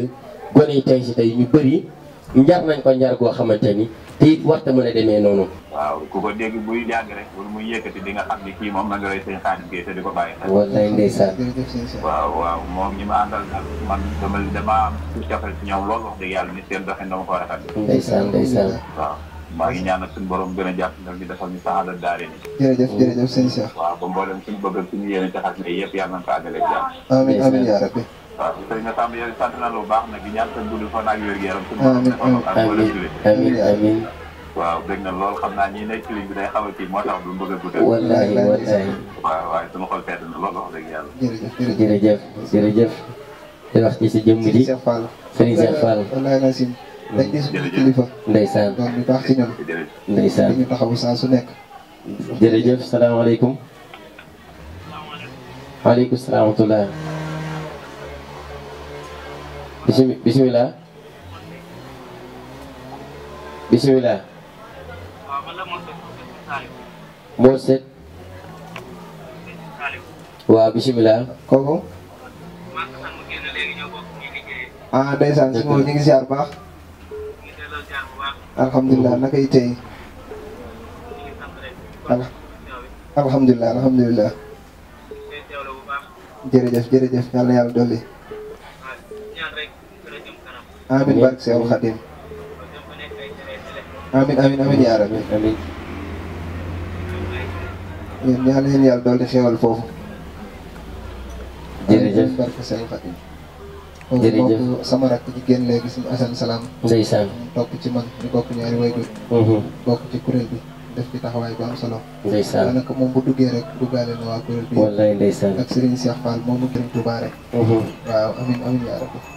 S2: gone tey si tey ñu bëri njar nañ ko njar goo xamante ni. te it warta mën a demee noonu. waaw ku ko dégg buy yàgg rek wala muy yëkkati di nga xam ni kii moom ma nga roy seen xaalis gi te di ko bàyyi xel. wallaay ndeysaan. waaw waaw moom ñi ma àndal daal man dama dama am cafel si ñoom loolu wax dëgg yàlla ni seen doxin dama ko rafetlu. ndeysaan ndeysaan. waaw maa ngi ñaanal suñu borom gën a jàpp ñu defal ñu saxal daare ni.
S3: jërëjëf jërëjëf sëñ Cheikh.
S2: waaw ba mboolem suñu bëgg suñu yéene taxas ne yëpp yàlla nañ ko àggale jàmm.
S3: amiin amiin yaa rabbi
S2: waaw sëriñ na Samb sa gudd fan bismi bismillah bismillah moo set
S3: waaw bismillah kooku ah ndeysaan si moom ñu ngi ziar baax alhamdulilah naka yi tey alhamdulilah alhamdulilah jërëjëf jërëjëf yàlla na yàlla dolli amin barke Seexul Xadim amin amin amin yaa rabbi amin yéen ñaan leen yàlla dolli xéewal foofu jërëjëf barke Seexul Xadim jërëjëf sama rakk jigéen léegi suñu asan salaam ndeysaan topp ci man ñu bokk ñaari wayjur mhm. bokk ci kuréel bi def ci taxawaay bu am solo ndeysaan daanaka moom bu duggee rek duggaale na waa kuréel bi wallaay ndeysaan ak Serigne Cheikh Fall moomu gërëm Touba rek mhm. waaw amin amin yaa rabbi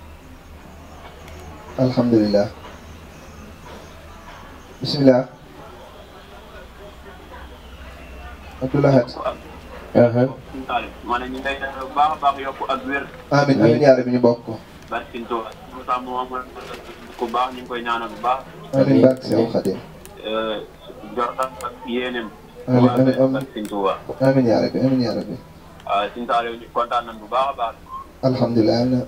S3: alhamdulilah bisimilah abdoulahat
S2: ma ne ñu lay def bu baax a baax yokk ak wér amin amin yàlla bi ñu bokk ko barkin to
S3: Moussa Mouhamed ku baax ñu ngi koy ñaanal bu baax amin barke Seydou Khadim eh,
S1: jortam ak yéenem
S3: amin
S2: amin barkin Touba
S3: amin yàlla bi amin yàlla bi
S2: waaw Sintale ñu kontaan nañ bu baax a baax
S3: alhamdulilah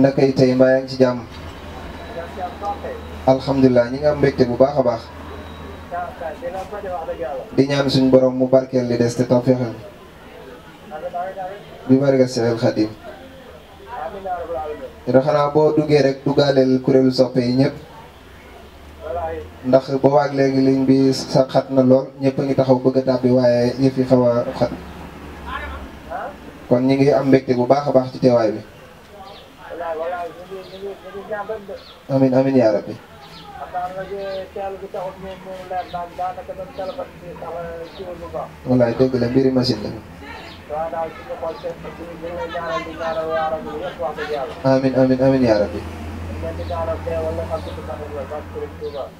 S3: nakay tey mbaa yaa ngi ci jàmm alhamdulilah ñi nga am mbégte bu baax a baax di ñaan suñu boroom mu barkeel li des te taw fexeel bi barga seel xadim xanaa boo duggee rek duggaaleel kuréelu soppe yi ñëpp ndax boobaag léegi liñ bi sa xat na lool ñëpp a ngi taxaw bëgg tàbbi waaye yëf yi xaw xat kon ñi ngi am mbégte bu baax a baax ci teewaay bi amiin amiin yaa rabbi. wallaay dëgg la mbiri machine la. amiin amiin amiin yaa rabbi.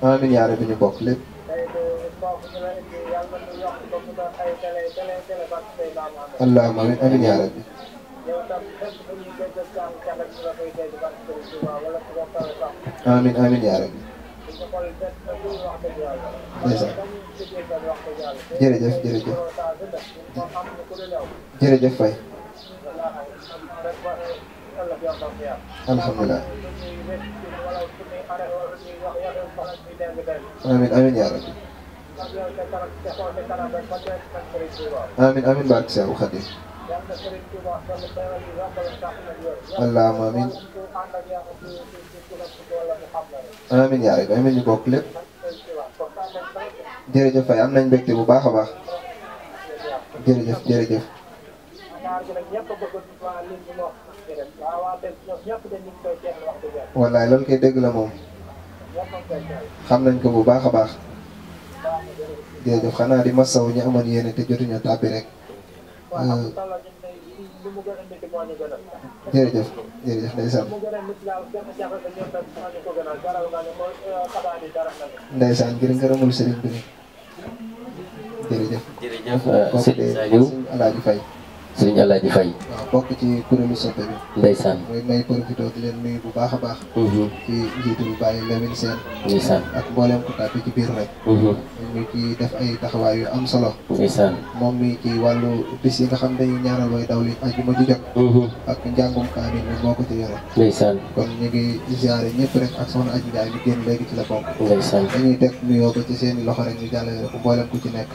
S3: amiin yaa rabbi ñu آمين آمين يا رب
S1: جرجف جرجف
S3: جرجف فاي الحمد لله آمين آمين يا رب آمين آمين بارك سيارة وخديه allahumma amiin amiin yaa rabbi amiin ñu bokk lépp jërëjëf am nañ mbégte bu baax a baax jërëjëf jërëjëf wallaay loolu koy dégg la moom xam nañ ko bu baax a baax jërëjëf xanaa di masaw ñu amoon yéene te jotuñu tàbbi rek Mm. jërëjëf jërëjëf ndeysaan euh, ndeysaan ngir ngërëmul sëriñ bi jërëjëf jërëjëf sëriñ Aliou Alaaji Faye suñu sëriñ di Fay bok ci kuréelu soppe bi ndaysan moy may profité di len nuyu bu baax a baax mhm. ci jitu bu baye lewin sen ndaysan ak bolem ko tàbbi ci biir rek ñu mhm. ci def ay taxaway yu am solo ndaysan mom mi ci walu bis yi nga xam ne ñaanal way daw yi li ajuma ju jot mhm. ak jangum kaamil mi boko ci yoro ndaysan kon ñu ngi ziaré ñepp rek ak sonu Aji Njaay bi génn legi ci la bok ndaysan ndeysaan ngi tek nuyu ko ci seen loxo rek ñu jàllale ko bolem ko ci nekk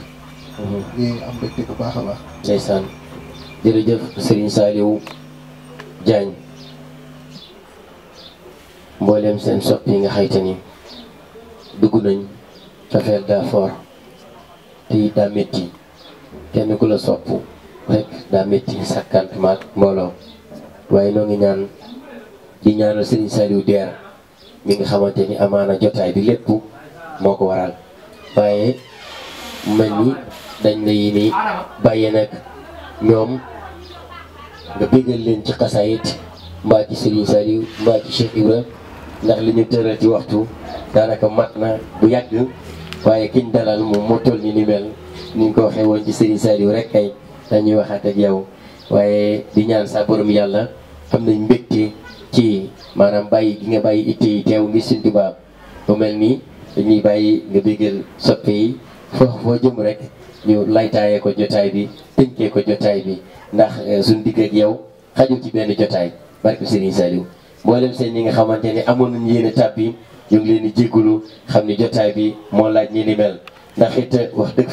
S3: ñi am bëkk bu baax a baax ndeysaan
S2: jërëjëf sëriñ Saliou Diagne mboolem seen sopp yi nga xayta ni dugg nañ cofeel daa foor te daa métti kenn ku la sopp rek daa métti sàkkant maak mbooloo waaye noo ngi ñaan di ñaanal Serigne Saliou deer mi nga xamante ni amaana jotaay bi lépp moo ko waral waaye mel ni dañ la yi ni bàyyi nag ñoom nga béggal leen ci xasaayit mbaa ci Serigne Saliou mbaa ci Cheikh Ibra ndax li ci waxtu daanaka mat na bu yàgg waaye kiñ dalal moo toll ni ni ko waxee woon ci Serigne Saliou rek ay dañuy waxaat ak yow waaye di ñaan sa yàlla am nañ mbégte ci maanaam bàyyi gi nga bàyyi itte yi teew ngir Serigne Touba bu mel nii dañuy bàyyi nga béggal soppe yi foofu foo jëm rek ñu laytaayee ko jotaay bi tënkee ko jotaay bi ndax eh, suñ digg ak yow xajul ci benn jotaay barke Serigne Saliou mboolem seen ñi nga xamante ne amoon nañu yéen a tàbbi ngi leen di jégalu xam ni jotaay bi moo laaj ñi ni mel
S3: ndax it eh, wax dëgg.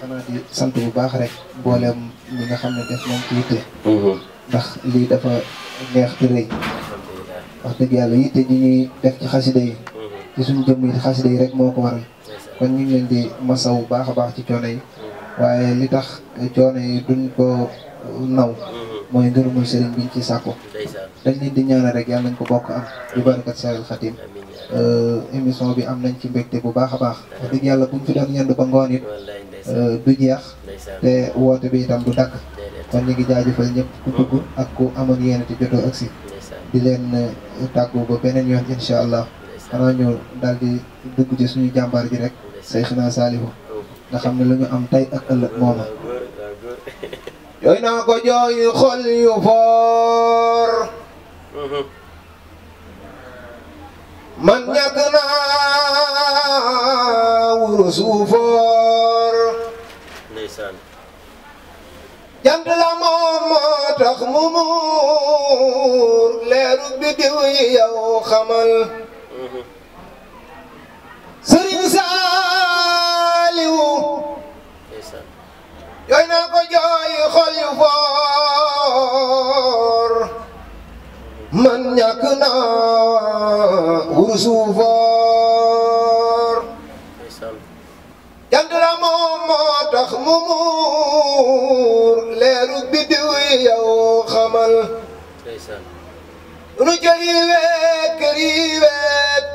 S3: xanaa di sant bu baax rek mboolem ñi nga xam ne def nañ ci yitte. Mm-hmm. ndax lii dafa neex te rëy wax dëgg yàlla yitte ñi ñuy def ci xasida yi. Mm-hmm. ci suñu jëmm yi xasida yi rek moo ko waral. kon ñu ngi leen di masaw baax a baax ci coono yi waaye li tax coono yi duñ ko naw mm-hmm. mooy ngërëmul sëriñ biñ ci sàkku dañ leen di ñaanal rek yàlla nañ ko bokk am di barakat Seexul Xadim euh, émission bi am nañ ci mbégte bu baax a baax wax dëgg yàlla buñ fi doon ñendu ba ngoon it euh, du jeex te woote bi itam du dakk kon ñu ngi jaajëfal ñëpp ku dugg mm-hmm. ak ku amoon yéene te jotoo agsi di leen euh, tàggu ba beneen yoon incha allah xanaa ñu daal di dugg ci suñu jàmbaar ji rek سيخنا سالي هو نخمل لنا أم تاي أكل موما يوينا كو جاي خل يفار من يقنا ورسو فار نيسان جنگل موما تخمومور لرو بيديو يو خمل sëriñ Saaliwu yooy naa ko jooy xol yu foor man ñàkk naa wurusu foor jant la moom moo tax mu muur leeru biddiw yow xamal nu jëriñ weet këriñ weet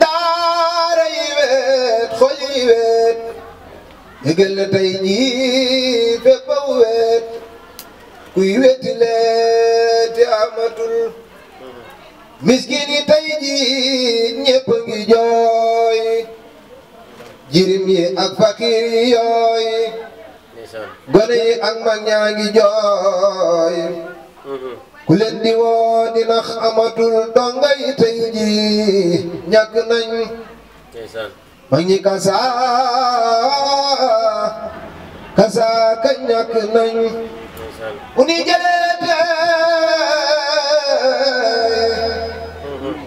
S3: daara yi weet xol yi weet yëgal jii fépp a weet kuy weeti lee te amatul miskin yi tey jii ñëpp a ngi jooy jirim yi ak fakir yooy gone ak mag ñaa ngi jooy mm-hmm. ku leen di woo nax amatul donga yi tey ji ñàkk nañ ma ngi kasa kasa u ni jëleete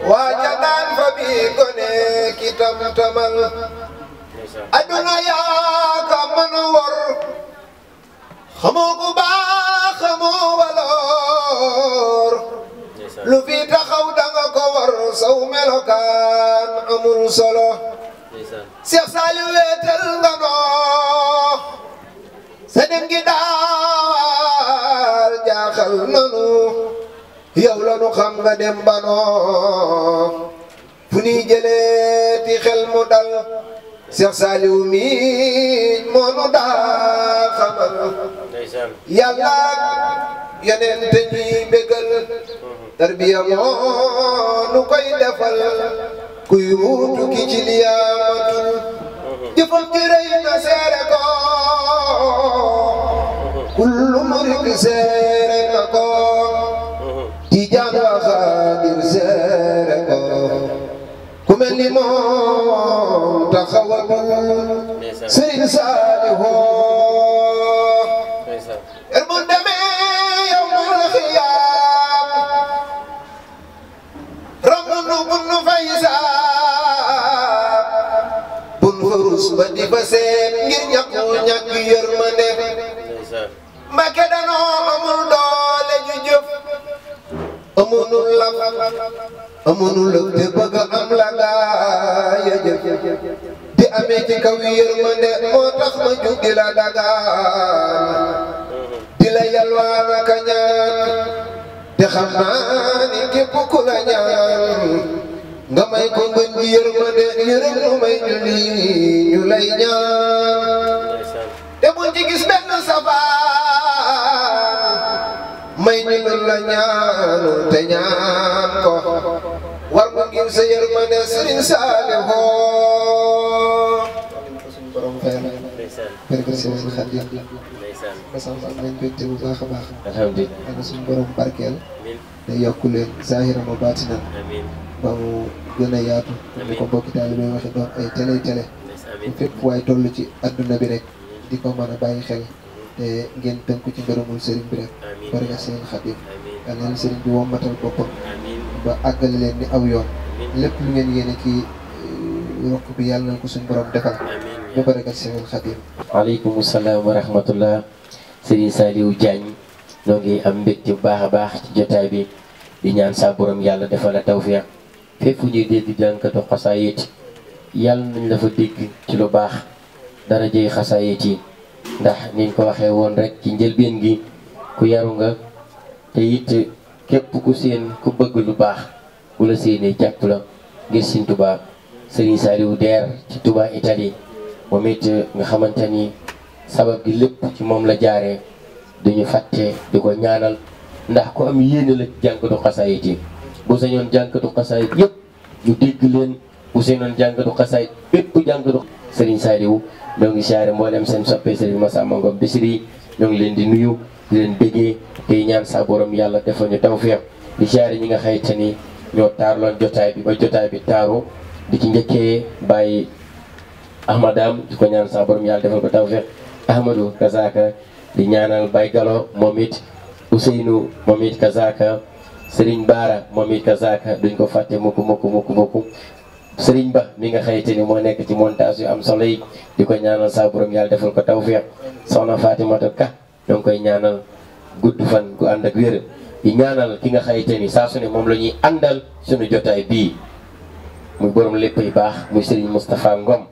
S3: waa jandaan fa bi gone tamal aduna yaa ka mën a wor xamoo ku góor lu fi taxaw danga ko war saw melokaan amul solo Cheikh Saliou weetal nga noo sa dem gi daal jaaxal nanu yow la nu xam nga dem ba noo fu ñuy jëlee ti xel mu dal Cheikh Saliou mi moo nu daa xamal yàlla yeneen te ñuy tarbiya moo nu koy defal kuy wuutu ki ci liyaamatul mhm. jëfam ji rëy na seere ko mhm. kullu murid seere na ko mhm. ni moom taxawalu Serigne Salihou er bu yow mal xiyaam ram nu bunu fay saab bun farus ba di ba seet ngir ñàkku ñàkk yërmande mbake danoo amunul lam amunul te bëgg am la gaa ya jëf di amee ci kaw yërmande moo tax ma jug di la dagaan di la yalwaan ak a ñaan te xam naa ni képp ku la ñaan nga may ko gën di yërmande yërëm lu may ñu nii ñu lay ñaan te buñ ci gis benn safar may ñu la ñaanu te ñaan ko war mu ngir ma baatinam ba mu gën a yaatu ci adduna bi rek di ko mën a xel te ngeen tënku ci ngërëmul sëriñ bi rek bari na sëriñ Xadim yal na sëriñ bi wombatal boppam ba àggale leen ni aw yoon lépp lu ngeen yéene ki eh, rokk bi yàlla na ko suñ borom defal ba bari na sëriñ Xadim
S2: waaleykum salaam wa rahmatullah sëriñ Saliou Diagne ñoo ngi am mbégte baax a baax ci jotaay bi di ñaan saa yàlla defal la tawfiq fépp fu ñuy dégg jànkatu xasaayit yàlla nañ la dégg ci lu baax dara jëy xasaayit yi ndax niñ ko waxee woon rek ci njëlbeen gi ku yaru nga te it képp ku seen ku bëgg lu baax ku la séenee jàpp la ngir Sëriñ Tuubaa Sëriñ Saliou Der ci tubaa Italie moom it nga xamante ni sabab gi lépp ci moom la jaaree duñu fàtte di ko ñaanal ndax ku am yéene la jànkatu xasaayit yi bu sañoon jànkatu xasaayit yëpp ñu dégg leen bu xasaayit bépp jànkatu Sëriñ Saliou ñoo ngi siyaare mboolem seen soppee ma Massamba Ngom Bichri ñoo ngi leen di nuyu di leen déggee tey ñaan sa borom yàlla defal ñu tawfeex di siyaare ñi nga xayte ni ñoo taarloon jotaay bi ba jotaay bi taaru di ci njëkkee bàyyi Ahmadam di ko ñaan sa borom yàlla defal ko tawfeex Ahmadou Kazaka di ñaanal Baye Gallo moom it Ousseynou moom it Kazaka Serigne Bara moom it Kazaka duñ ko fàtte mukk mukk mukk serigne ba mi nga xëyte ni mo nek ci montage yu am solo yi di ñaanal sa borom yalla defal ko tawfiq soxna Fatimata Ka dong koy ñaanal guddu fan gu and ak wër yi ñaanal ki nga ni sa mom lañuy andal suñu jotay bi muy borom lepp yi bax muy serigne mustapha Ngom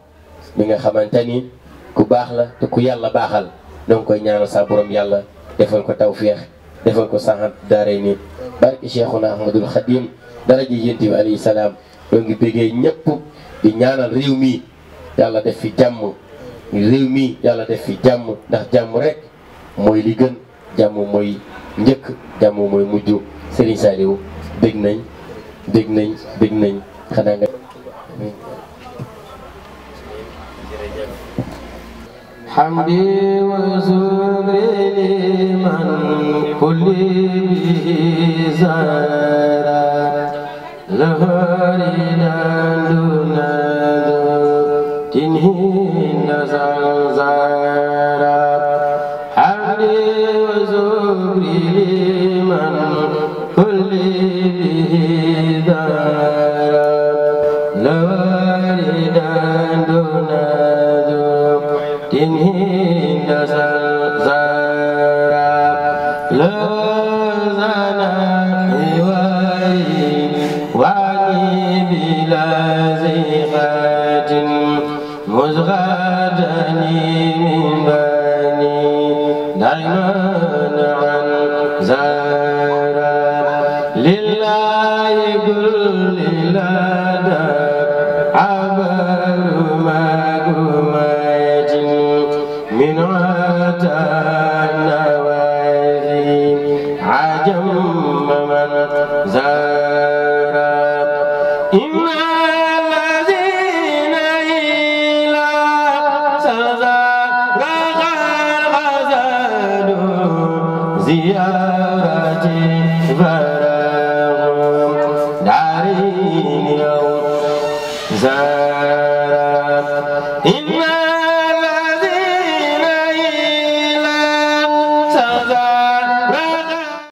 S2: mi nga xamanteni ku bax la te ku yalla baxal dong koy ñaanal sa borom yalla defal ko tawfiq defal ko sahad daare ni barki Cheikhuna Ahmadul Khadim daraji yénti alayhi ñoo ngi bëggee ñëpp di ñaanal réew mi yàlla def fi jàmm réew mi yàlla def fi jàmm ndax jàmm rek mooy li gën jàmm mooy njëkk jàmm mooy mujj Serigne Saliou dégg nañ dégg nañ dégg nañ xanaa nga
S1: حمدي وزوري لمن كل به زاد Sari Nandu Nandu Tinhi Nazar